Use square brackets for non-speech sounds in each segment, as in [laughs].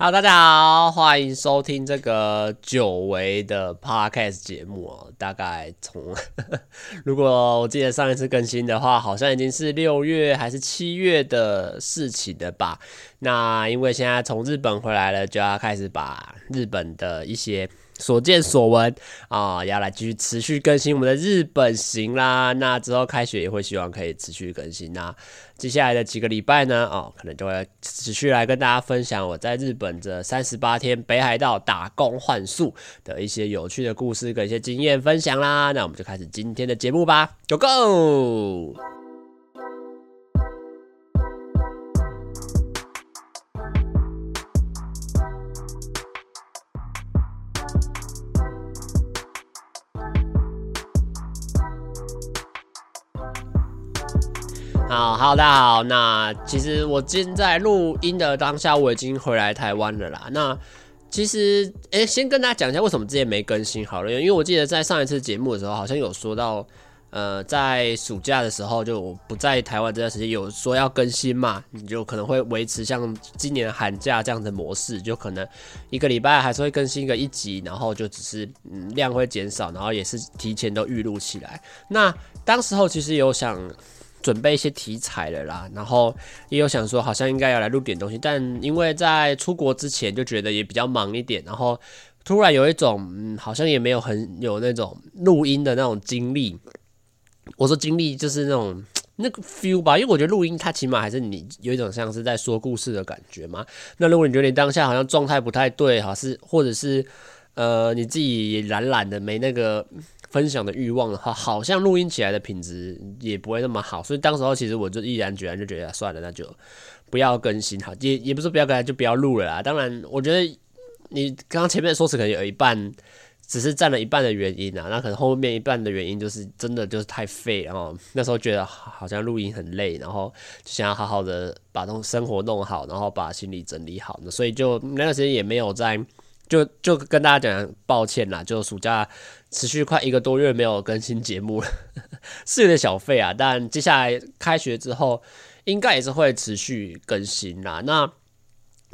好，Hello, 大家好，歡迎收聽這個久違的 podcast 節目哦。大概從，呵呵，如果我記得上一次更新的話，好像已經是六月還是七月的事情了吧。那因為現在從日本回來了，就要開始把日本的一些。所見所聞啊，哦，要來繼續持續更新我們的日本行啦。那之後開學也會希望可以持續更新啦。接下來的幾個禮拜呢，哦，可能就會持續來跟大家分享我在日本這三十八天北海道打工換宿的一些有趣的故事跟一些經驗分享啦。那我們就開始今天的節目吧，Go Go！好，Hello，大家好。那其實我今天在錄音的當下，我已經回來台灣了啦。那其實，誒、欸，先跟大家講一下為什麼之前沒更新好了，因為我記得在上一次節目的時候，好像有說到，呃，在暑假的時候就不在台灣這段時間有說要更新嘛，你就可能會維持像今年寒假這樣的模式，就可能一個禮拜還是會更新一個一集，然後就只是嗯，量會減少，然後也是提前都預錄起來。那當時候其實有想。準備一些題材了啦，然後也有想說，好像應該要來錄點東西，但因為在出國之前就覺得也比較忙一點，然後突然有一種，嗯，好像也沒有很有那種錄音的那種經歷。我說經歷就是那種那個 feel 吧，因為我覺得錄音它起碼還是你有一種像是在說故事的感覺嘛。那如果你覺得你當下好像狀態不太對哈，是或者是呃你自己也懶懶的，沒那個。分享的慾望的話，好像錄音起來的品質也不會那麼好，所以當時候其實我就毅然決然就覺得、啊、算了，那就不要更新哈，也也不是不要更新就不要錄了啦。當然，我覺得你剛剛前面說辭可能有一半只是佔了一半的原因啊，那可能後面一半的原因就是真的就是太廢，然後那時候覺得好像錄音很累，然後想要好好的把東生活弄好，然後把心理整理好，那所以就那段時間也沒有在。就就跟大家講抱歉啦，就暑假持續快一個多月沒有更新節目了，是有點小廢啊。但接下來開學之後，應該也是會持續更新啦。那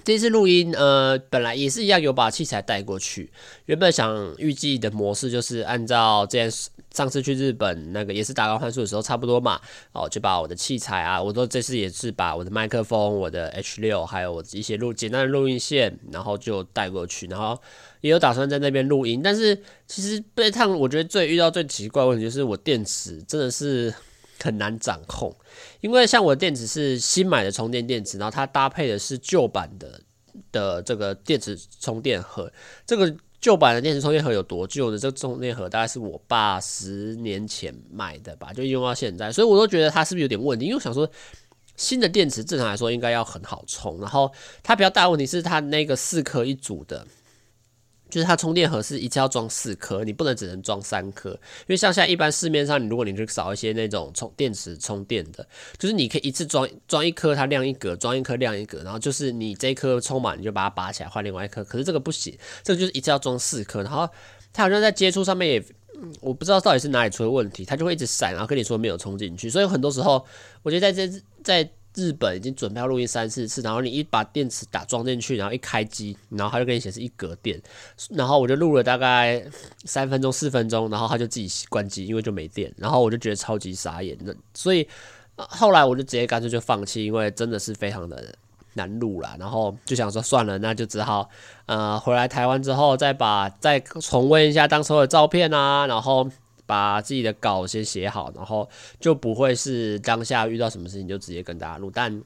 這次錄音，呃，本來也是一樣有把器材帶過去，原本想預計的模式就是按照這樣。上次去日本那個也是打工換宿的時候差不多嘛，哦，就把我的器材啊，我都這次也是把我的麥克風、我的 H6，還有我一些錄簡單的錄音線，然後就帶過去，然後也有打算在那邊錄音。但是其實這一趟，我覺得最遇到最奇怪的問題就是我電池真的是很難掌控，因為像我的電池是新買的充電電池，然後它搭配的是舊版的的這個電池充電盒，這個。舊版的電池充電盒有多舊呢？這個充電盒大概是我爸十年前買的吧，就用到現在，所以我都覺得它是不是有點問題。因為我想說，新的電池正常來說應該要很好充，然後它比較大的問題是它那個四顆一組的。就是它充電盒是一次要裝四顆，你不能只能裝三顆，因為像現在一般市面上，你如果你是少一些那種充電池充電的，就是你可以一次裝裝一顆，它亮一格，裝一顆亮一格，然後就是你這一顆充滿你就把它拔起來換另外一顆，可是這個不行，這個就是一次要裝四顆，然後它好像在接觸上面也，我不知道到底是哪裡出了問題，它就會一直閃，然後跟你說沒有充進去，所以很多時候我覺得在這在。日本已經準備錄音三四次，然後你一把電池打裝進去，然後一開機，然後他就給你顯示一格電，然後我就錄了大概三分鐘四分鐘，然後他就自己關機，因為就沒電，然後我就覺得超級傻眼，那所以、呃、後來我就直接乾脆就放棄，因為真的是非常的難錄啦，然後就想說算了，那就只好呃回來台灣之後再把再重溫一下當初的照片啊，然後。把自己的稿先寫好，然後就不會是當下遇到什麼事情就直接跟大家錄，但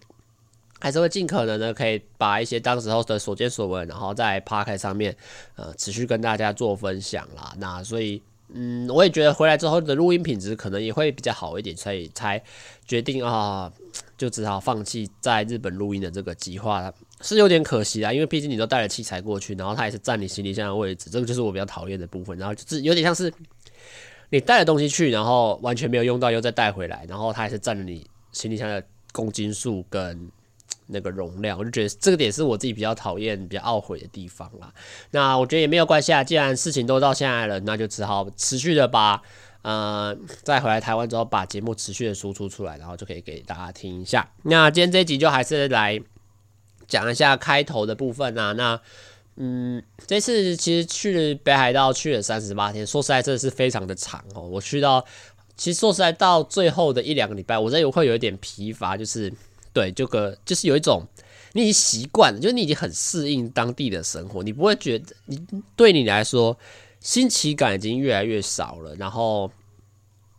還是會儘可能的可以把一些當時候的所見所聞，然後在 Podcast 上面，呃，持續跟大家做分享啦。那所以，嗯，我也覺得回來之後的錄音品質可能也會比較好一點，所以才決定啊，就只好放棄在日本錄音的這個計劃了，是有點可惜啊，因為畢竟你都帶了器材過去，然後它也是佔你行李箱的位置，這個就是我比較討厭的部分，然後就是有點像是。你帶了東西去，然後完全沒有用到，又再帶回來，然後它還是占了你行李箱的公斤數跟那個容量，我就覺得這個點是我自己比較討厭、比較懊悔的地方啦。那我覺得也沒有關係啊，既然事情都到現在了，那就只好持續的把呃再回來台灣之後，把節目持續的輸出出來，然後就可以給大家聽一下。那今天這一集就還是來講一下開頭的部分啊，那。嗯，這次其實去了北海道去了三十八天，說實在真的是非常的長哦。我去到，其實說實在到最後的一兩個禮拜，我真的會有一點疲乏，就是對，這個就是有一種你已經習慣了，就是你已經很適應當地的生活，你不會覺得，你對你來說新奇感已經越來越少了。然後，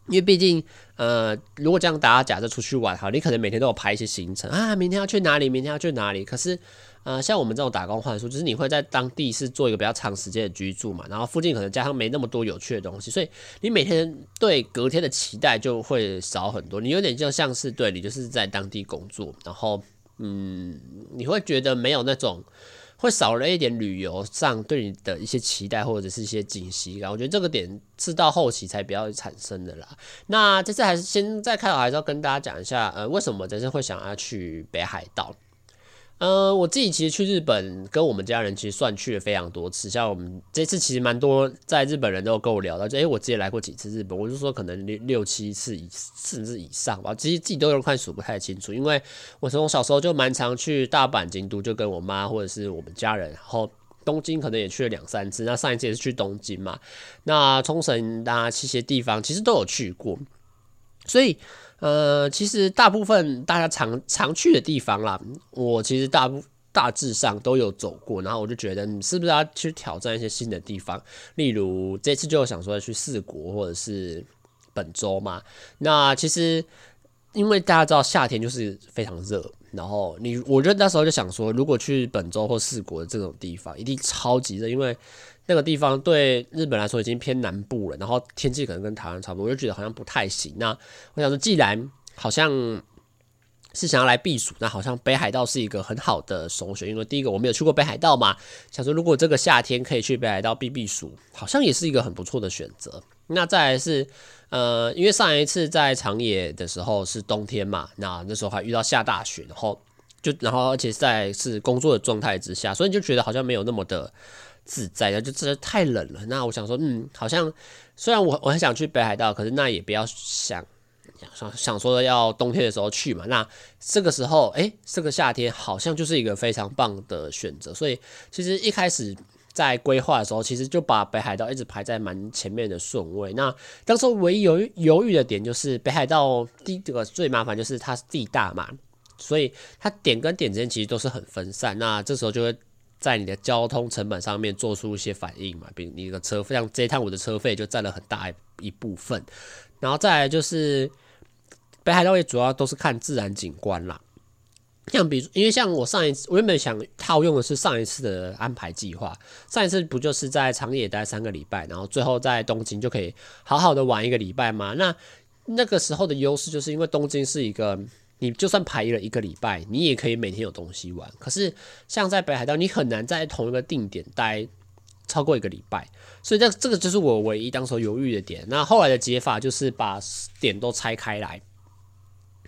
因為畢竟，呃，如果這樣大家假設出去玩哈，你可能每天都有排一些行程啊，明天要去哪裡，明天要去哪裡，可是。呃，像我們這種打工換宿，就是你會在當地是做一個比較長時間的居住嘛，然後附近可能加上沒那麼多有趣的東西，所以你每天對隔天的期待就會少很多。你有點就像是對，你就是在當地工作，然後嗯，你會覺得沒有那種會少了一點旅遊上對你的一些期待或者是一些驚喜感。然後我覺得這個點是到後期才比較產生的啦。那這次還是先在開頭還是要跟大家講一下，呃，為什麼這次會想要去北海道。呃，我自己其實去日本跟我們家人其實算去了非常多次，像我們這次其實蠻多在日本人都有跟我聊到，就誒、欸、我自己來過幾次日本，我就說可能六六七次以甚至以上吧，其實自己都有快數不太清楚，因為我從小時候就蠻常去大阪、京都，就跟我媽或者是我們家人，然後東京可能也去了兩三次，那上一次也是去東京嘛，那沖繩這些地方其實都有去過，所以。呃，其實大部分大家常常去的地方啦，我其實大部大致上都有走過，然後我就覺得，你是不是要去挑戰一些新的地方？例如這次就想說要去四國或者是本州嘛。那其實因為大家知道夏天就是非常熱。然後你，我覺得那時候就想說，如果去本州或四國的這種地方，一定超級熱，因為那個地方對日本來說已經偏南部了。然後天氣可能跟台灣差不多，我就覺得好像不太行。那我想說，既然好像是想要來避暑，那好像北海道是一個很好的首選，因為第一個我沒有去過北海道嘛，想說如果這個夏天可以去北海道避避暑，好像也是一個很不錯的選擇。那再來是，呃，因為上一次在長野的時候是冬天嘛，那那時候還遇到下大雪，然後就然後而且在是工作的狀態之下，所以就覺得好像沒有那麼的自在，就真的太冷了。那我想說，嗯，好像雖然我我很想去北海道，可是那也不要想想想說要冬天的時候去嘛。那這個時候，欸，這個夏天好像就是一個非常棒的選擇。所以其實一開始。在規劃的時候，其實就把北海道一直排在蠻前面的順位。那當時唯一猶豫、猶豫的點就是北海道第一個，最麻煩，就是它是地大嘛，所以它點跟點之間其實都是很分散。那這時候就會在你的交通成本上面做出一些反應嘛，比如你的車費，像這一趟我的車費就佔了很大一部分。然後再來就是北海道也主要都是看自然景觀啦。像比如，因為像我上一次，我原本想套用的是上一次的安排計劃。上一次不就是在長野待三個禮拜，然後最後在東京就可以好好的玩一個禮拜嗎？那那個時候的優勢就是因為東京是一個，你就算排了一個禮拜，你也可以每天有東西玩。可是像在北海道，你很難在同一個定點待超過一個禮拜，所以這這個就是我唯一當時猶豫的點。那後，後來的解法就是把點都拆開來。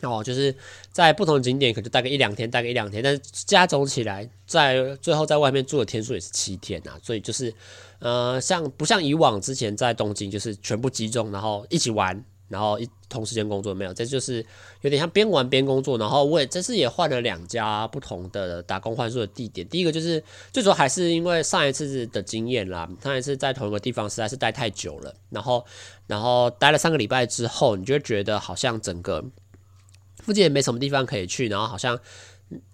哦，就是在不同的景點，可能就待個一兩天，待個一兩天，但是加總起來，在最後在外面住的天數也是七天啊。所以就是，呃，像不像以往之前在東京就是全部集中，然後一起玩，然後一同時間工作，沒有，這就是有點像邊玩邊工作。然後我也這次也換了兩家不同的打工換宿的地點。第一個就是，最主要還是因為上一次的經驗啦，上一次在同一個地方實在是待太久了，然後然後待了三個禮拜之後，你就會覺得好像整個。附近也沒什麼地方可以去，然後好像，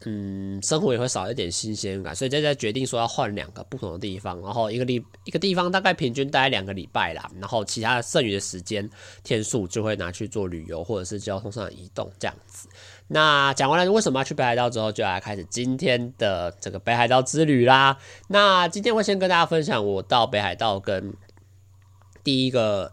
嗯，生活也會少一點新鮮感，所以在在決定說要換兩個不同的地方，然後一個地一個地方大概平均待兩個禮拜啦，然後其他剩餘的時間天數就會拿去做旅遊或者是交通上的移動這樣子。那講完了為什麼要去北海道之後，就來開始今天的這個北海道之旅啦。那今天會先跟大家分享我到北海道跟第一個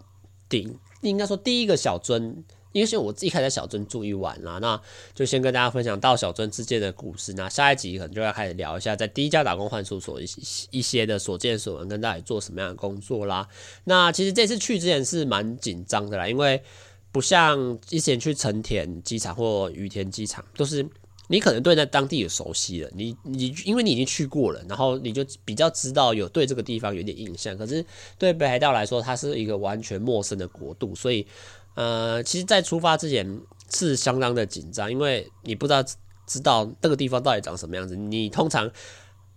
頂，應該說第一個小樽。因為是我自己開始在小樽住一晚啦，那就先跟大家分享到小樽之間的故事。那下一集可能就要開始聊一下在第一家打工換宿所，一些的所見所聞，跟大家做什麼樣的工作啦。那其實這次去之前是蠻緊張的啦，因為不像之前去成田機場或羽田機場，都、就是你可能對那當地有熟悉了，你你因為你已經去過了，然後你就比較知道有對這個地方有點印象。可是對北海道來說，它是一個完全陌生的國度，所以。呃，其實，在出發之前是相當的緊張，因為你不知道知道這個地方到底長什麼樣子。你通常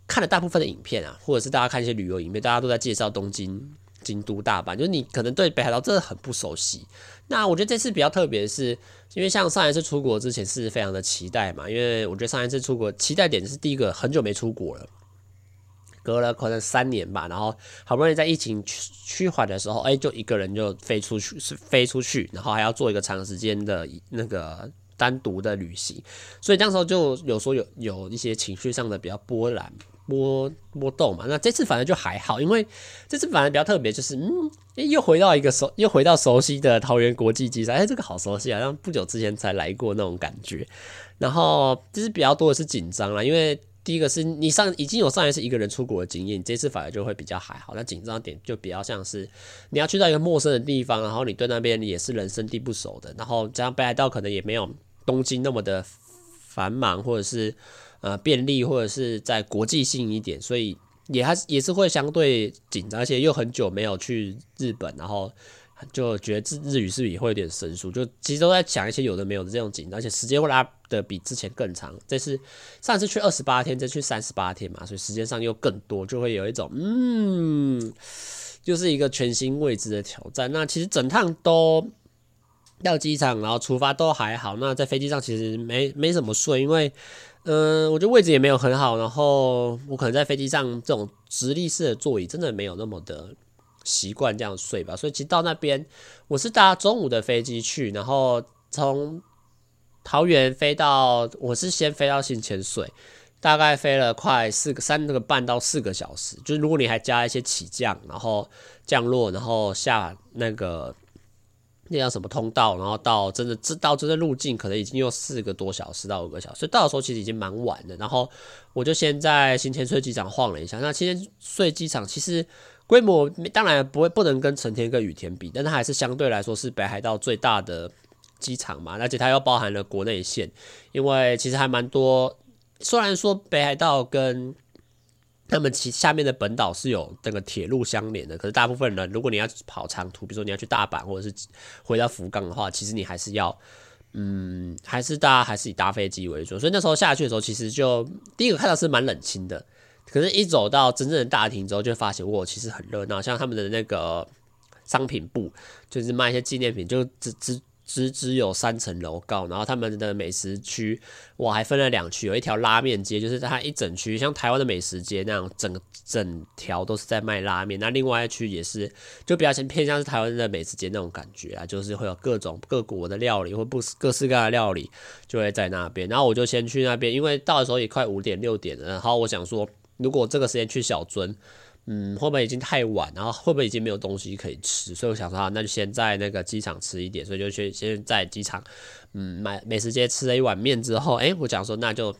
看了大部分的影片啊，或者是大家看一些旅遊影片，大家都在介紹東京、京都、大阪，就是你可能對北海道真的很不熟悉。那我覺得這次比較特別是，因為像上一次出國之前是非常的期待嘛，因為我覺得上一次出國，期待點是第一個，很久沒出國了。隔了可能三年吧，然後好不容易在疫情趨緩的時候，哎、欸，就一個人就飛出去，是飛出去，然後還要做一個長時間的那個單獨的旅行，所以那時候就有說有有一些情緒上的比較波瀾波波動嘛。那這次反正就還好，因為這次反正比較特別，就是嗯、欸，又回到一個熟，又回到熟悉的桃園國際機場，哎、欸，這個好熟悉啊，像不久之前才來過那種感覺。然後就是比較多的是緊張啦，因為。第一個是你上已經有上一次一個人出國的經驗，你這次反而就會比較還好。那緊張點就比較像是你要去到一個陌生的地方，然後你對那邊也是人生地不熟的。然後加上北海道可能也沒有東京那麼的繁忙，或者是呃便利，或者是在國際性一點，所以也還是也是會相對緊張一些。而且又很久沒有去日本，然後。就覺得日日語是不是也會有點生疏？就其實都在講一些有的沒有的這種緊張，而且時間會拉的比之前更長。這次上次去二十八天，再去三十八天嘛，所以時間上又更多，就會有一種嗯，就是一個全新未知的挑戰。那其實整趟都到機場，然後出發都還好。那在飛機上其實沒沒什麼睡，因為嗯、呃，我覺得位置也沒有很好，然後我可能在飛機上這種直立式的座椅真的沒有那麼的。習慣這樣睡吧，所以其實到那邊我是搭中午的飛機去，然後從桃園飛到，我是先飛到新千歲，大概飛了快四個三個半到四個小時，就是如果你還加一些起降，然後降落，然後下那個那叫什麼通道，然後到真的這到真的路徑，可能已經有四個多小時到五個小時，所以到的時候其實已經蠻晚的，然後我就先在新千歲機場晃了一下。那新千歲機場其實。規模當然不會不能跟成田跟羽田比，但它還是相對來說是北海道最大的機場嘛，而且它又包含了國內線，因為其實還蠻多。雖然說北海道跟他們其下面的本島是有這個鐵路相連的，可是大部分人如果你要跑長途，比如說你要去大阪或者是回到福岡的話，其實你還是要，嗯，還是大家還是以搭飛機為主。所以那時候下去的時候，其實就第一個看到是蠻冷清的。可是，一走到真正的大廳之後，就發現哇，其實很熱鬧。像他們的那個商品部，就是賣一些紀念品，就只只只只有三層樓高。然後他們的美食區，哇，還分了兩區，有一條拉麵街，就是它一整區，像台灣的美食街那樣，整整條都是在賣拉麵。那另外一區也是，就比較偏偏向是台灣的美食街那種感覺啊，就是會有各種各國的料理或不各式各樣的料理就會在那邊。然後我就先去那邊，因為到的時候也快五點六點了。然後我想說。如果這個時間去小樽，嗯，會不會已經太晚？然後會不會已經沒有東西可以吃？所以我想說，啊、那就先在那個機場吃一點。所以就去先在機場，嗯，買美食街吃了一碗麵之後，哎、欸，我想說那就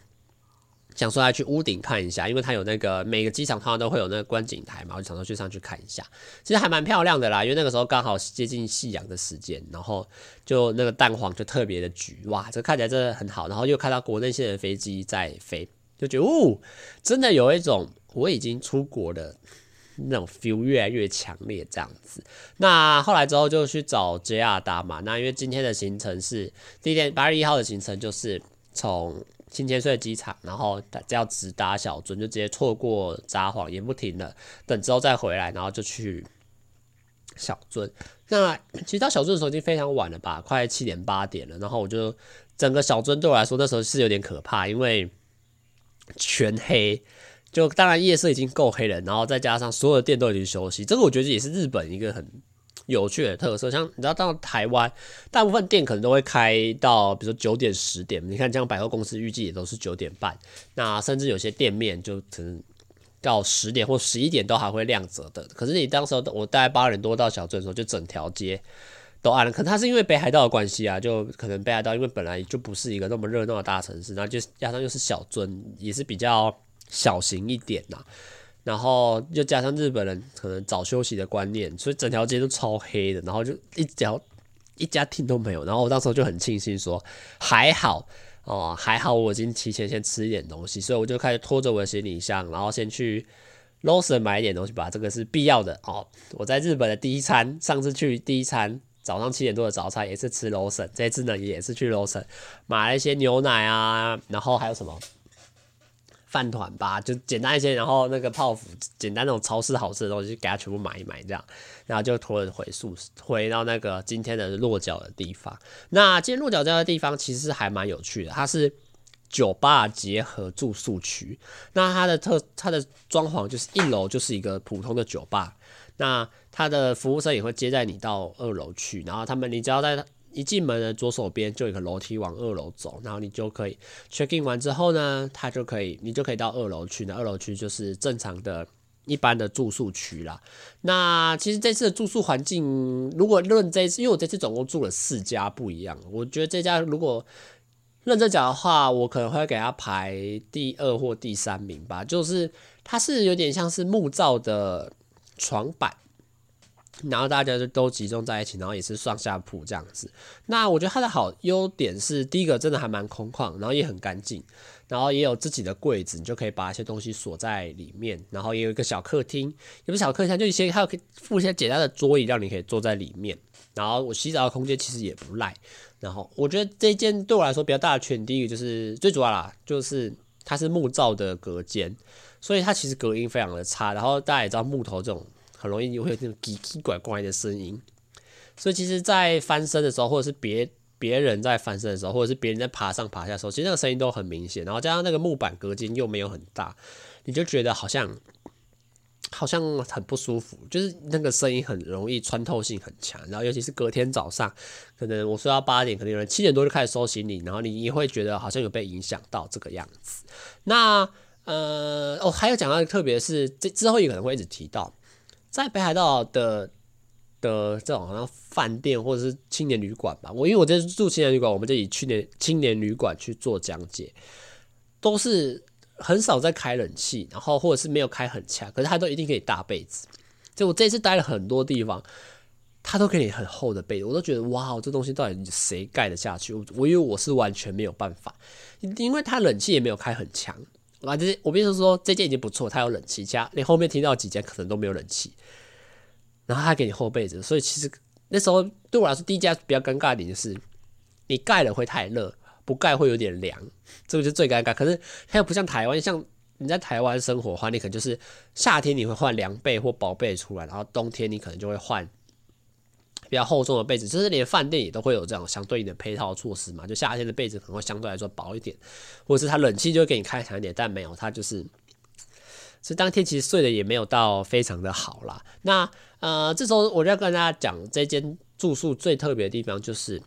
想說要去屋頂看一下，因為它有那個每個機場它都會有那個觀景台嘛，我就想說去上去看一下，其實還蠻漂亮的啦。因為那個時候剛好接近夕陽的時間，然後就那個蛋黃就特別的橘，哇，這看起來真的很好。然後又看到國內線的飛機在飛。就覺得哦，真的有一種我已經出國的那種 feel 越來越強烈這樣子。那後來之後就去找 JR 搭嘛。那因為今天的行程是第一天八月一號的行程，就是從新千歲機場，然後打這樣直達小樽，就直接錯過札幌也不停的等之後再回來，然後就去小樽。那其實到小樽的時候已經非常晚了吧，快七點八點了。然後我就整個小樽對我來說那時候是有點可怕，因為。全黑，就當然夜色已經夠黑了，然後再加上所有的店都已經休息，這個我覺得也是日本一個很有趣的特色。像你知道到台灣，大部分店可能都會開到，比如說九點十點，你看像百貨公司預計也都是九點半，那甚至有些店面就可能到十點或十一點都還會亮着的。可是你當時候我大概八點多到小樽的時候，就整條街，都暗了，可能他是因為北海道的關係啊，就可能北海道因為本來就不是一個那麼熱鬧的大城市，然後就加上又是小樽，也是比較小型一點吶、啊，然後又加上日本人可能早休息的觀念，所以整條街都超黑的，然後就一條一家店都沒有，然後我當時候就很慶幸說還好哦，還好我已經提前先吃一點東西，所以我就開始拖着我的行李箱，然後先去 Lawson 買一點東西吧，這個是必要的哦，我在日本的第一餐，上次去第一餐。早上七點多的早餐也是吃羅森，這一次呢也是去羅森買了一些牛奶啊，然後還有什麼飯糰吧，就簡單一些，然後那個泡芙，簡單那種超市好吃的東西，給他全部買一買這樣，然後就拖着回宿，回到那個今天的落腳的地方。那今天落腳這個地方其實還蠻有趣的，它是酒吧結合住宿區，那它的特它的裝潢就是一樓就是一個普通的酒吧，那。他的服務生也會接待你到二樓去，然後他們，你只要在一進門的左手邊就一個樓梯往二樓走，然後你就可以 check in 完之後呢，他就可以，你就可以到二樓去。那二樓區就是正常的一般的住宿區啦。那其實這次的住宿環境，如果論這一次，因為我這次總共住了四家不一樣，我覺得這家如果認真講的話，我可能會給他排第二或第三名吧。就是它是有點像是木造的床板。然後大家就都集中在一起，然後也是上下鋪這樣子。那我覺得它的好優點是，第一個真的還蠻空曠，然後也很乾淨，然後也有自己的櫃子，你就可以把一些東西鎖在裡面。然後也有一個小客廳，有個小客廳就一些還有可以附一些簡單的桌椅，讓你可以坐在裡面。然後我洗澡的空間其實也不賴。然後我覺得這間對我來說比較大的缺點，第一個就是最主要啦，就是它是木造的隔間，所以它其實隔音非常的差。然後大家也知道木頭這種。很容易就會有那種奇奇怪怪怪的聲音，所以其實，在翻身的時候，或者是別別人在翻身的時候，或者是別人在爬上爬下的時候，其實那個聲音都很明顯。然後加上那個木板隔間又沒有很大，你就覺得好像好像很不舒服，就是那個聲音很容易穿透性很強。然後尤其是隔天早上，可能我睡到八點，可能有人七點多就開始收行李，然後你你會覺得好像有被影響到這個樣子。那呃，哦，還有講到特別是這之後也可能會一直提到。在北海道的的這種好像飯店或者是青年旅館吧，我因為我在住青年旅館，我們就以青年青年旅館去做講解，都是很少在開冷氣，然後或者是沒有開很強，可是他都一定可以搭被子。就我這次待了很多地方，他都給你很厚的被子，我都覺得哇，這東西到底誰蓋得下去？我，我以為我因為我是完全沒有辦法，因為他冷氣也沒有開很強。啊，這我跟你說，這間已經不錯，它有冷氣，加你後面聽到幾間可能都沒有冷氣，然後他給你厚被子，所以其實那時候對我來說，第一家比較尷尬的點就是，你蓋了會太熱，不蓋會有點涼，這個就是最尷尬。可是它又不像台灣，像你在台灣生活的話，你可能就是夏天你會換涼被或薄被出來，然後冬天你可能就會換，比較厚重的被子，就是連飯店也都會有這樣相對應的配套措施嘛。就夏天的被子可能會相對來說薄一點，或者是它冷氣就會給你開強一點，但沒有它就是。所以當天其實睡得也沒有到非常的好啦。那呃，這時候我就要跟大家講，這間住宿最特別的地方就是，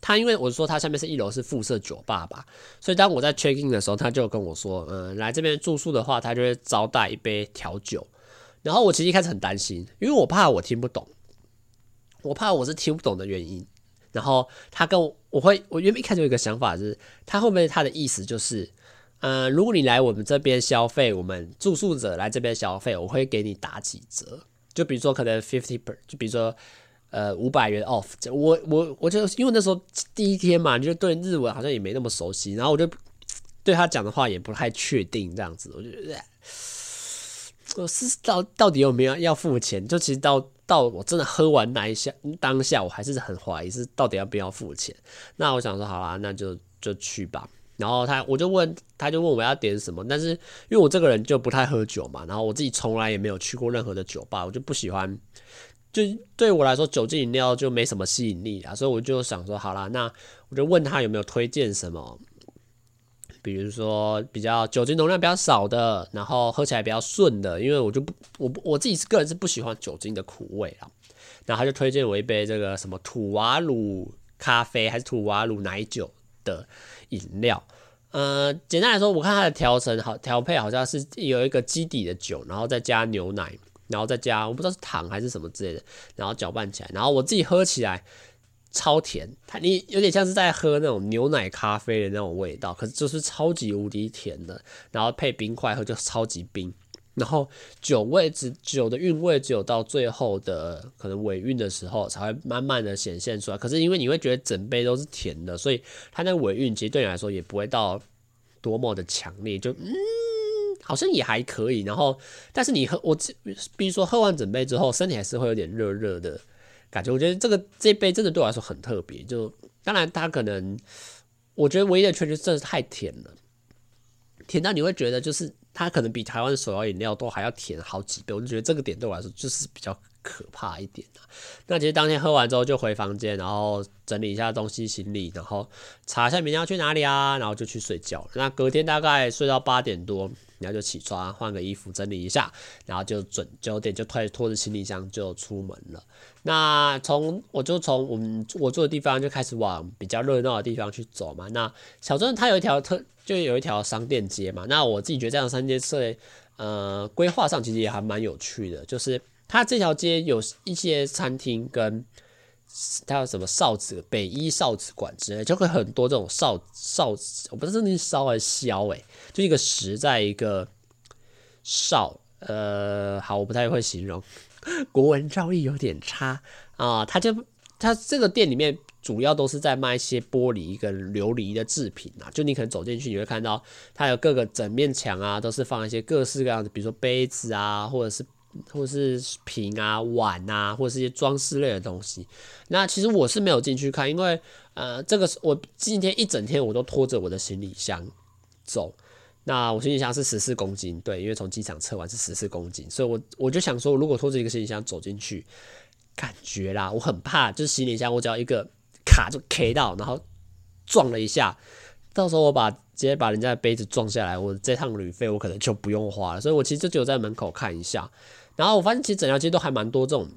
它因為我是說它下面是一樓是附設酒吧吧，所以當我在 check in 的時候，他就跟我說，嗯、呃，來這邊住宿的話，他就會招待一杯調酒。然後我其實一開始很擔心，因為我怕我聽不懂。我怕我是聽不懂的原因，然後他跟我我會，我原本一開始有一個想法是，是他會不會他的意思就是，呃，如果你來我們這邊消費，我們住宿者來這邊消費，我會給你打幾折，就比如說可能 fifty per，就比如說呃五百元 off 我。我我我就因為那時候第一天嘛，你就對日文好像也沒那麼熟悉，然後我就對他講的話也不太確定，這樣子，我就我、呃、是到到底有沒有要付錢？就其實到。到我真的喝完那一下當下，我還是很懷疑是到底要不要付錢。那我想說，好啦，那就就去吧。然後他我就問，他就問我要點什麼。但是因為我這個人就不太喝酒嘛，然後我自己從來也沒有去過任何的酒吧，我就不喜歡，就對我來說酒精飲料就沒什麼吸引力啊。所以我就想說，好啦，那我就問他有沒有推薦什麼。比如說比較酒精容量比較少的，然後喝起來比較順的，因為我就不我我自己是個人是不喜歡酒精的苦味啊。然後他就推薦我一杯這個什麼土瓦魯咖啡還是土瓦魯奶酒的飲料。呃，簡單來說，我看它的調成好調配好像是有一個基底的酒，然後再加牛奶，然後再加我不知道是糖還是什麼之類的，然後攪拌起來。然後我自己喝起來。超甜，它，你有點像是在喝那種牛奶咖啡的那種味道，可是就是超級無敵甜的，然後配冰塊喝就超級冰，然後酒味只酒的韻味只有到最後的可能尾韻的時候才會慢慢的顯現出來，可是因為你會覺得整杯都是甜的，所以它那個尾韻其實對你來說也不會到多麼的強烈，就嗯，好像也還可以，然後但是你喝我比如說喝完整杯之後，身體還是會有點熱熱的。感覺我覺得這個這一杯真的對我來說很特別，就當然它可能，我覺得唯一的缺點真的是太甜了，甜到你會覺得就是它可能比台灣的手搖飲料都還要甜好幾倍，我就覺得這個點對我來說就是比較。可怕一點、啊、那其實當天喝完之後就回房間，然後整理一下東西行李，然後查一下明天要去哪裡啊，然後就去睡覺。那隔天大概睡到八點多，然後就起床換個衣服整理一下，然後就準九點就拖拖着行李箱就出門了。那從我就從我們我住的地方就開始往比較熱鬧的地方去走嘛。那小樽它有一條特就有一條商店街嘛。那我自己覺得這樣的商店街，呃，規劃上其實也還蠻有趣的，就是。它這條街有一些餐廳，跟它有什麼哨子，北一哨子館之類，就會很多這種哨哨子，我不知道你燒還是簫、欸、就一個十在一個哨。呃，好，我不太會形容，國文造詣有點差啊。它就它這個店裡面主要都是在賣一些玻璃跟琉璃的製品啊，就你可能走進去你會看到，它有各個整面牆啊，都是放一些各式各樣的，比如說杯子啊，或者是。或者是瓶啊、碗啊，或者是一些裝飾類的東西。那其實我是沒有進去看，因為呃，這個我今天一整天我都拖着我的行李箱走。那我行李箱是十四公斤，對，因為從機場測完是十四公斤，所以我我就想說，如果拖着一個行李箱走進去，感覺啦，我很怕，就是行李箱我只要一個卡就 K 到，然後撞了一下，到時候我把直接把人家的杯子撞下來，我這趟旅費我可能就不用花了。所以我其實就只有在門口看一下。然後我發現其實整條街都還蠻多這種，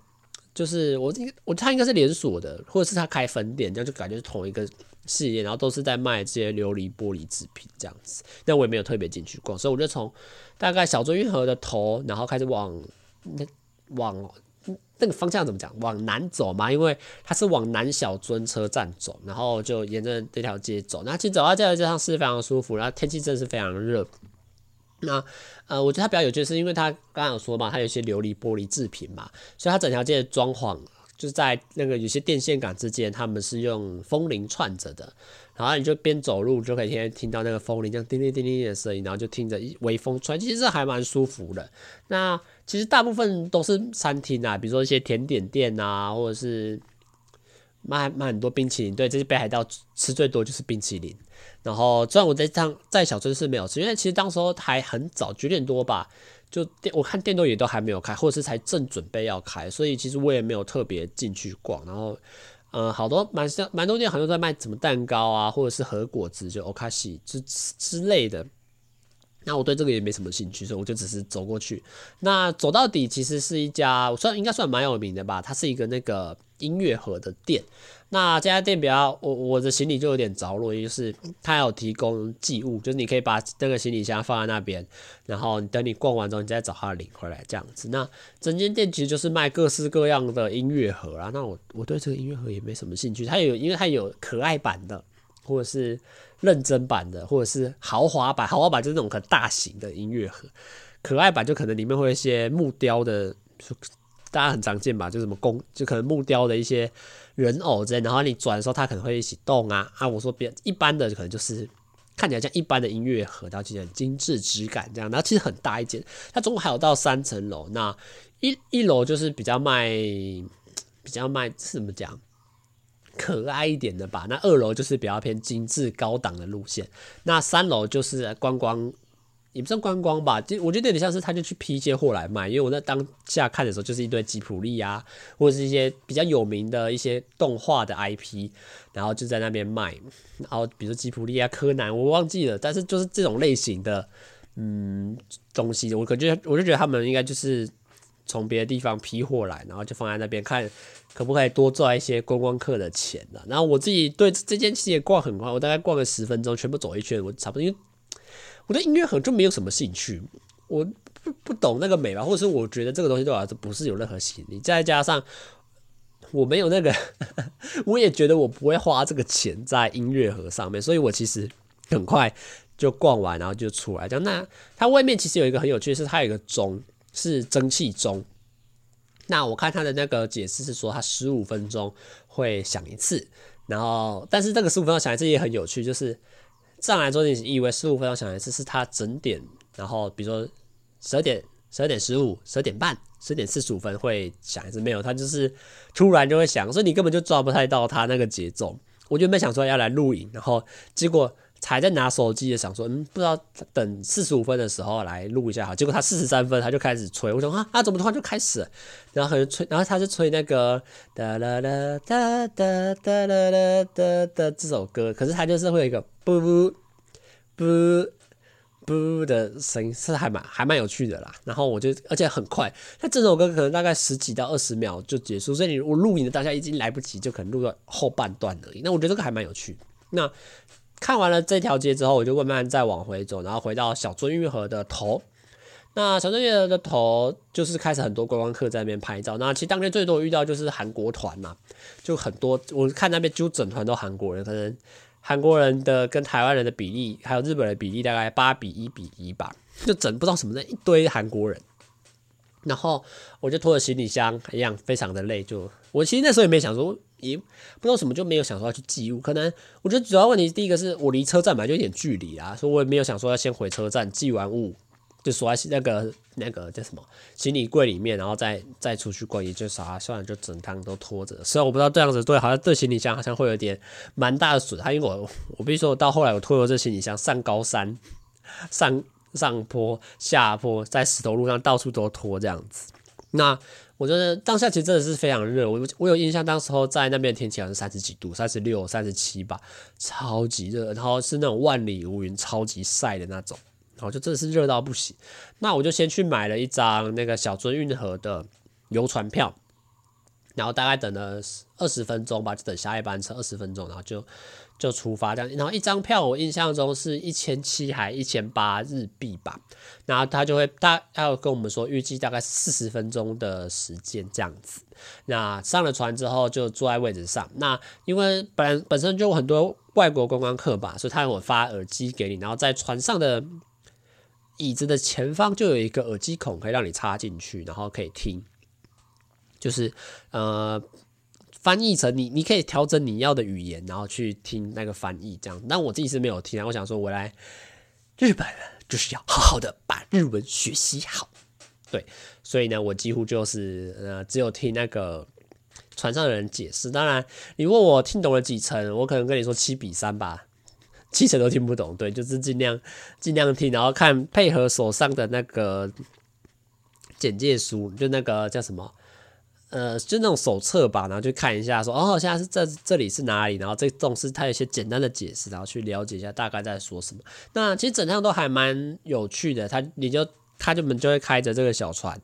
就是我這我他應該是連鎖的，或者是他開分店，這樣就感覺是同一個事業，然後都是在賣這些琉璃玻璃製品這樣子。那我也沒有特別進去逛，所以我就從大概小樽運河的頭，然後開始往那往那個方向怎麼講，往南走嘛，因為它是往南小樽車站走，然後就沿着這條街走。然後其實走到這條街上是非常舒服，然後天氣真的是非常的熱。那呃，我覺得它比較有趣的是因為它剛剛有說嘛，它有一些琉璃玻璃制品嘛，所以它整條街的裝潢就是在那個有些電線桿之間，他們是用風鈴串着的，然後你就邊走路就可以天天聽到那個風鈴這樣叮叮叮叮叮的聲音，然後就聽着微風吹，其實還蠻舒服的。那其實大部分都是餐廳啊，比如說一些甜點店啊，或者是賣賣很多冰淇淋，對，這些北海道吃最多就是冰淇淋。然後，雖然我在當在小樽市沒有吃，因為其實當時候還很早，九點多吧，就店我看，店都也都還沒有開，或者是才正準備要開，所以其實我也沒有特別進去逛。然後，嗯、呃，好多蠻像蠻多店，好像都在賣什麼蛋糕啊，或者是和果子，就歐卡西之之類的。那我對這個也沒什麼興趣，所以我就只是走過去。那走到底，其實是一家，我算應該算蠻有名的吧，它是一個那個音樂盒的店。那這家店比較我，我的行李就有點着落，也就是他有提供寄物，就是你可以把那個行李箱放在那邊，然後等你逛完之後，你再找他領回來這樣子。那整間店其實就是賣各式各樣的音樂盒啦、啊。那我我對這個音樂盒也沒什麼興趣，他有因為他有可愛版的，或者是認真版的，或者是豪華版。豪華版就是那種很大型的音樂盒，可愛版就可能裡面會有一些木雕的。大家很常見吧，就什麼工，就可能木雕的一些人偶之類，然後你轉的時候，它可能會一起動啊啊！我說別一般的，可能就是看起來像一般的音樂盒，它其實很精致質感這樣，然後其實很大一間，它總共還有到三層樓，那一一樓就是比較賣比較賣是怎麼講可愛一點的吧，那二樓就是比較偏精致高檔的路線，那三樓就是觀光。也不算觀光吧，就我覺得有點像是他就去批一些貨來賣，因為我在當下看的時候，就是一堆吉普力呀，或者是一些比較有名的一些動畫的 IP，然後就在那邊賣，然後比如說吉普力啊、柯南，我忘記了，但是就是這種類型的，嗯，東西我感覺我就覺得他們應該就是從別的地方批貨來，然後就放在那邊看可不可以多賺一些觀光客的錢的。然後我自己對這間其實也逛很快，我大概逛個十分鐘，全部走一圈，我差不多因為。我對音樂盒就沒有什麼興趣，我不不懂那個美吧，或者是我覺得這個東西對我來說不是有任何吸引力。再加上我沒有那個， [laughs] 我也覺得我不會花這個錢在音樂盒上面，所以我其實很快就逛完，然後就出來。就那它外面其實有一個很有趣，是它有一個鐘是蒸汽鐘。那我看它的那個解釋是說它十五分鐘會響一次，然後但是這個十五分鐘響一次也很有趣，就是。上來說，你以為十五分鐘響一次是他整點，然後比如說十二點、十二點十五、十二點半、十二點四十五分會響一次，沒有，他就是突然就會響，所以你根本就抓不太到他那個節奏。我原本想說要來錄影，然後結果。才在拿手機的，想說嗯，不知道等四十五分的時候來錄一下哈。結果他四十三分他就開始吹，我想啊，怎麼突然就開始了，然後他就吹，然後他就吹那個噠啦啦噠啦噠啦啦噠啦啦噠啦噠噠噠的這首歌，可是他就是會有一個不不不的聲音，是還蠻還蠻有趣的啦。然後我就而且很快，那這首歌可能大概十幾到二十秒就結束，所以你我錄影的當下已經來不及，就可能錄到後半段而已。那我覺得這個還蠻有趣，那。看完了這條街之後，我就慢慢再往回走，然後回到小樽運河的頭。那小樽運河的頭就是開始很多觀光客在那邊拍照。那其實當天最多遇到就是韓國團嘛，就很多。我看那邊就整團都韓國人，可能韓國人的跟台灣人的比例，還有日本人的比例大概八比一比一吧，就整不知道什麼的一堆韓國人。然後我就拖着行李箱一樣非常的累，就我其實那時候也沒想說。也不知道什麼，就沒有想說要去寄物。我可能我覺得主要問題第一個是我離車站本來就有一點距離啊，所以我也沒有想說要先回車站寄完物，就鎖在那個那個叫什麼行李櫃裡面，然後再再出去過也就啥算了，就整趟都拖着。雖然我不知道這樣子對好像對行李箱好像會有點蠻大的損害。因為我我必須說到後來我拖着這行李箱上高山，上上坡下坡，在石頭路上到處都拖這樣子，那。我覺得當下其實真的是非常熱。我我有印象，當時候在那邊天氣好像是三十幾度，三十六、三十七吧，超級熱。然後是那種萬里無雲、超級曬的那種，然後就真的是熱到不行。那我就先去買了一張那個小樽運河的遊船票，然後大概等了二十分鐘吧，就等下一班車二十分鐘，然後就。就出發這樣，然後一張票我印象中是一千七還一千八日幣吧，然後他就會大概要跟我們說預計大概四十分鐘的時間這樣子。那上了船之後就坐在位置上，那因為本本身就有很多外國觀光客吧，所以他讓我發耳機給你，然後在船上的椅子的前方就有一個耳機孔可以讓你插進去，然後可以聽，就是呃。翻譯成你，你可以調整你要的語言，然後去聽那個翻譯這樣。那我自己是沒有聽、啊，我想說我來，日本人就是要好好的把日文學習好，對，所以呢，我幾乎就是呃，只有聽那個船上的人解釋。當然，你問我聽懂了幾成，我可能跟你說七比三吧，七成都聽不懂，對，就是盡量盡量聽，然後看配合手上的那個簡介書，就那個叫什麼。呃，就那種手冊吧，然後去看一下說，說哦，現在是這這裡是哪裡？然後這種是它有些簡單的解釋，然後去了解一下大概在說什麼。那其實整趟都還蠻有趣的，他你就他就門就會開着這個小船，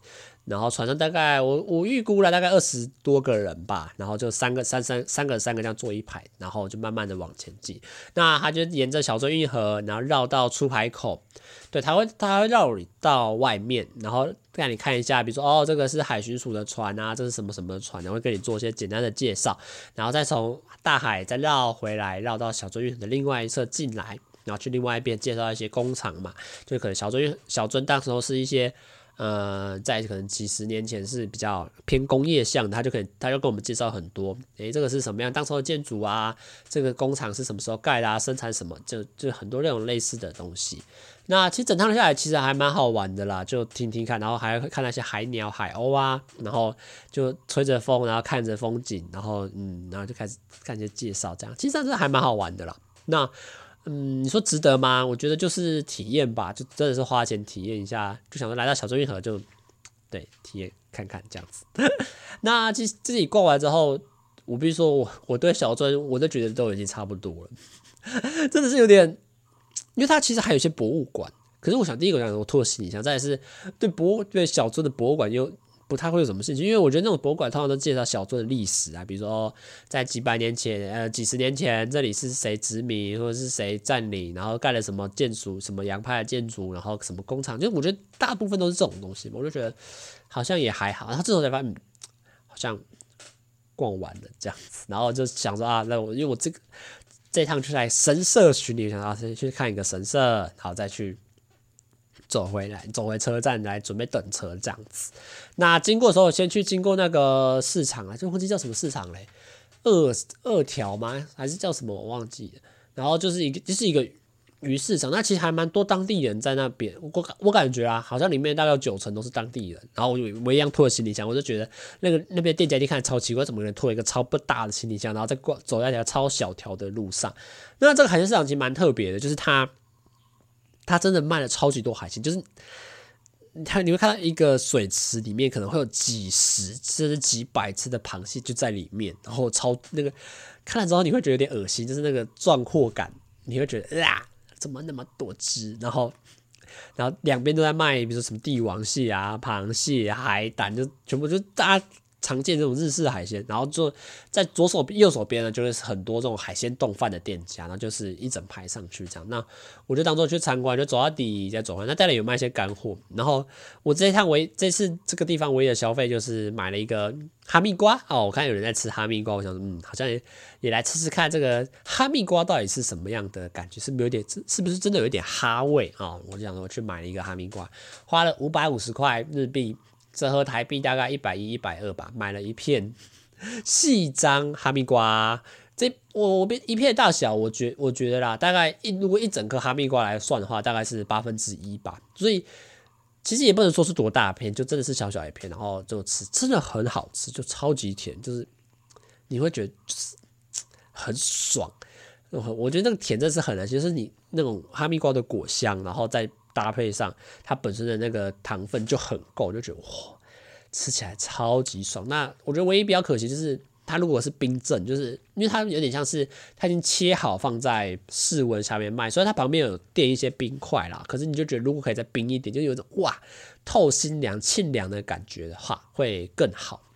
然後船上大概我我預估了大概二十多個人吧，然後就三個三三三個三個這樣坐一排，然後就慢慢的往前進。那他就沿着小樽運河，然後繞到出海口，對，他會他會繞你到外面，然後讓你看一下，比如說哦，這個是海巡署的船啊，這是什麼什麼的船，然後會給你做一些簡單的介紹，然後再從大海再繞回來，繞到小樽運河的另外一側進來，然後去另外一邊介紹一些工廠嘛，就可能小樽小樽當時候是一些。呃，在可能幾十年前是比較偏工業向，他就可以，他就跟我們介紹很多，誒、欸，這個是什麼樣？當時的建築啊，這個工廠是什麼時候蓋的啊？生產什麼？就就很多那種類似的東西。那其實整趟下來其實還蠻好玩的啦，就聽聽看，然後還看那些海鳥、海鷗啊，然後就吹着風，然後看着風景，然後嗯，然後就開始看一些介紹，這樣其實真的還蠻好玩的啦。那。嗯，你說值得嗎？我覺得就是體驗吧，就真的是花錢體驗一下，就想着來到小樽運河就對體驗看看這樣子。 [laughs] 那其實自己逛完之後，我必須說我我對小樽，我都覺得都已經差不多了， [laughs] 真的是有點，因為它其實還有一些博物館，可是我想第一個讓我拖行李箱，再是對博對小樽的博物館又。不太會有什麼事情，因為我覺得那種博物館通常都介紹小樽的歷史啊，比如說在幾百年前，呃幾十年前這裡是誰殖民或者是誰占領，然後蓋了什麼建築，什麼洋派的建築，然後什麼工廠，就我覺得大部分都是這種東西，我就覺得好像也還好。然後這時候才發現，嗯，好像逛完了這樣子，然後就想說啊，那我因為我這個這一趟是來神社巡禮，想要，啊、先去看一個神社，然後再去。走回來，走回車站來準備等車這樣子。那經過的時候，我先去經過那個市場啊，這個忘記叫什麼市場嘞，二二條嗎？還是叫什麼？我忘記了。然後就是一個就是一個魚市場，那其實還蠻多當地人在那邊。我我感覺啊，好像裡面大概有九成都是當地人。然後我我一樣拖行李箱，我就覺得那個那邊店家一看得超奇怪，怎麼人拖一個超不大的行李箱，然後再過走在一條超小條的路上。那這個海鮮市場其實蠻特別的，就是它。他真的賣了超級多海鮮，就是你看，你會看到一個水池裡面可能會有幾十隻、幾百隻的螃蟹就在裡面，然後超那個看了之後你會覺得有點噁心，就是那個壯闊感，你會覺得啊，怎麼那麼多隻？然後然後兩邊都在賣，比如說什麼帝王蟹啊、螃蟹啊、海膽，就全部就大。啊常見這種日式海鮮，然後就在左手右手邊呢，就是很多這種海鮮丼飯的店家，然後就是一整排上去這樣。那我就當做去參觀，就走到底再走回來。那店裡有賣一些乾貨，然後我這一趟唯這一次這個地方唯一的消費就是買了一個哈密瓜哦，我看有人在吃哈密瓜，我想說，嗯，好像也，也來吃吃看這個哈密瓜到底是什麼樣的感覺，是不是有點，是不是真的有一點哈味啊，哦？我就想說我去買了一個哈密瓜，花了五百五十塊日幣。折合台幣大概一百一、一百二吧，買了一片夕張哈密瓜。這我我一片大小，我覺我覺得啦，大概一如果一整顆哈密瓜來算的話，大概是八分之一吧。所以其實也不能說是多大片，就真的是小小一片，然後就吃，真的很好吃，就超級甜，就是你會覺得、就是、很爽。我覺得那個甜真的是很難。其實、就是、你那種哈密瓜的果香，然後再搭配上它本身的那個糖分，就很夠，就覺得哇，吃起來超級爽。那我覺得唯一比較可惜就是，它如果是冰鎮，就是因為它有點像是它已經切好放在室溫下面賣，所以它旁邊有墊一些冰塊啦。可是你就覺得如果可以再冰一點，就有種哇透心涼、沁涼的感覺的話，會更好。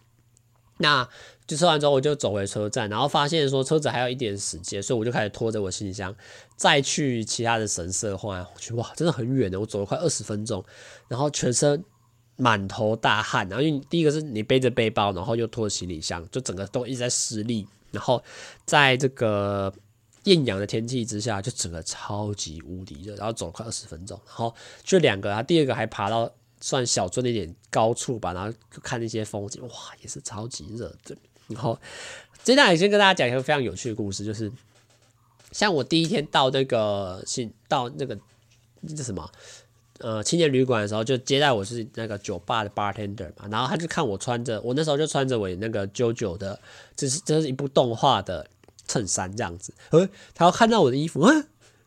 那就吃完之後，我就走回車站，然後發現說，車子還有一點時間，所以我就開始拖着我行李箱再去其他的神社晃來晃去。哇，真的很遠的，我走了快二十分鐘，然後全身滿頭大汗。然後因為第一個是你背着背包，然後又拖着行李箱，就整個都一直在施力。然後在這個豔陽的天氣之下，就整個超級無敵熱。然後走快二十分鐘，然後就兩個，然後第二個還爬到。算小樽的一點高處吧，然後看那些風景，哇，也是超級熱的。然後接下來先跟大家講一個非常有趣的故事，就是像我第一天到那個新到那個那什麼呃青年旅館的時候，就接待我是那個酒吧的 bartender 嘛，然後他就看我穿着，我那時候就穿着我那個 JoJo jo 的，這是這是一部動畫的襯衫這樣子，呃，他要看到我的衣服，啊。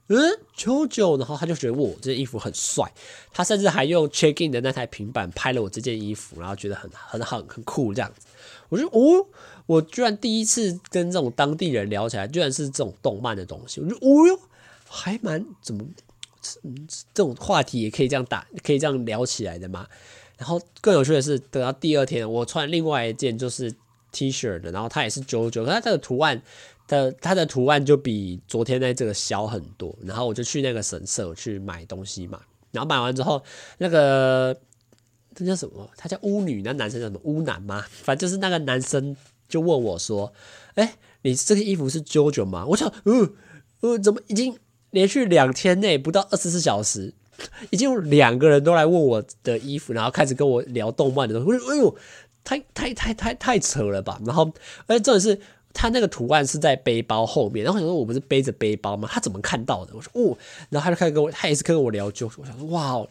嗯，九九，然後他就覺得我、哦、這件衣服很帥，他甚至還用 check in 的那台平板拍了我這件衣服，然後覺得很很好很酷這樣子。我就哦，我居然第一次跟這種當地人聊起來，居然是這種動漫的東西。我就哦喲，還蠻怎麼這、嗯，這種話題也可以這樣打，可以這樣聊起來的嘛。然後更有趣的是，等到第二天，我穿另外一件就是 T 恤的，shirt, 然後它也是九九，它這個圖案。的他的圖案就比昨天那這個小很多，然後我就去那個神社去買東西嘛，然後買完之後，那個那叫什麼？他叫巫女，那男生叫什麼？巫男嗎？反正就是那個男生就問我說：“哎，你這件衣服是 JoJo 嗎？”我說：“嗯、呃、嗯、呃，怎麼已經連續兩天內不到二十四小時，已經有兩個人都來問我的衣服，然後開始跟我聊動漫的東西，我說：哎呦，太太太太太扯了吧！然後哎，重點是。”他那個圖案是在背包後面，然後我想說我不是背着背包嗎？他怎麼看到的？我說哦，然後他就開始跟我，他也是跟我聊 JoJo。我想說哇，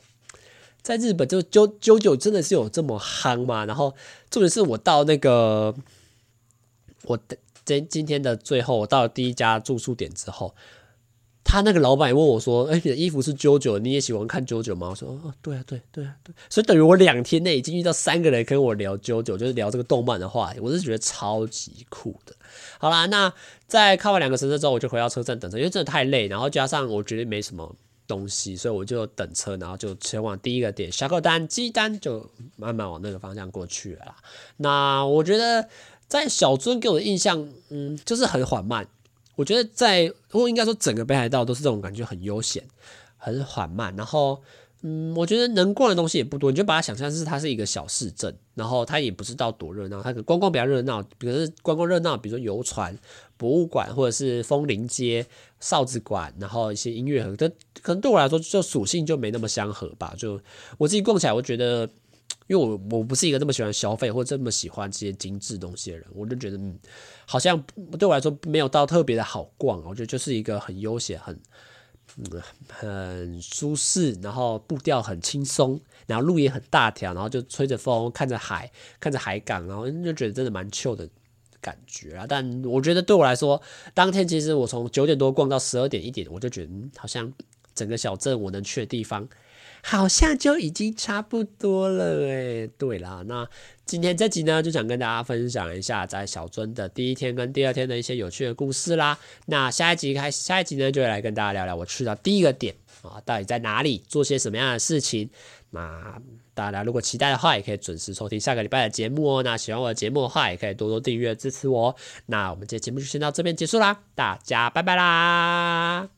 在日本就 Jo JoJo 真的是有這麼夯嗎？然後重點是我到那個我的今今天的最後，我到了第一家住宿點之後，他那個老板也問我說：“哎、欸，你的衣服是 JoJo，你也喜歡看 JoJo 嗎？”我說：“哦，對啊，對啊對、啊、對。”所以等於我兩天內已經遇到三個人跟我聊 JoJo，就是聊這個動漫的話，我是覺得超級酷的。好啦，那在開完兩個城市之後，我就回到車站等車，因為真的太累，然後加上我覺得沒什麼東西，所以我就等車，然後就前往第一個點。下個單，機單就慢慢往那個方向過去了啦。那我覺得在小樽給我的印象，嗯，就是很緩慢。我覺得在，我應該說整個北海道都是這種感覺很，很悠閒，很緩慢，然後。嗯，我覺得能逛的東西也不多，你就把它想象是它是一個小市鎮，然後它也不知道多熱鬧，它可觀光比較熱鬧，比如是觀光熱鬧，比如說遊船、博物館或者是楓林街、哨子館，然後一些音樂盒，但可能對我來說就屬性就沒那麼相合吧。就我自己逛起來，我覺得，因為我我不是一個這麼喜歡消費或這麼喜歡這些精緻東西的人，我就覺得嗯，好像對我來說沒有到特別的好逛，我覺得就是一個很悠閒很。嗯，很舒適，然後步調很輕鬆，然後路也很大條，然後就吹着風，看着海，看着海港，然後就覺得真的蠻 chill 的感覺啊。但我覺得對我來說，當天其實我從九點多逛到十二點一點，我就覺得好像整個小鎮我能去的地方，好像就已經差不多了、欸。哎，對啦，那。今天這集呢，就想跟大家分享一下在小樽的第一天跟第二天的一些有趣的故事啦。那下一集開下一集呢，就會來跟大家聊聊我去的第一個點啊，到底在哪裡，做些什麼樣的事情。那大家如果期待的話，也可以準時收聽下個禮拜的節目哦。那喜歡我的節目的話，也可以多多訂閱支持我。那我們今天節目就先到這邊結束啦，大家拜拜啦。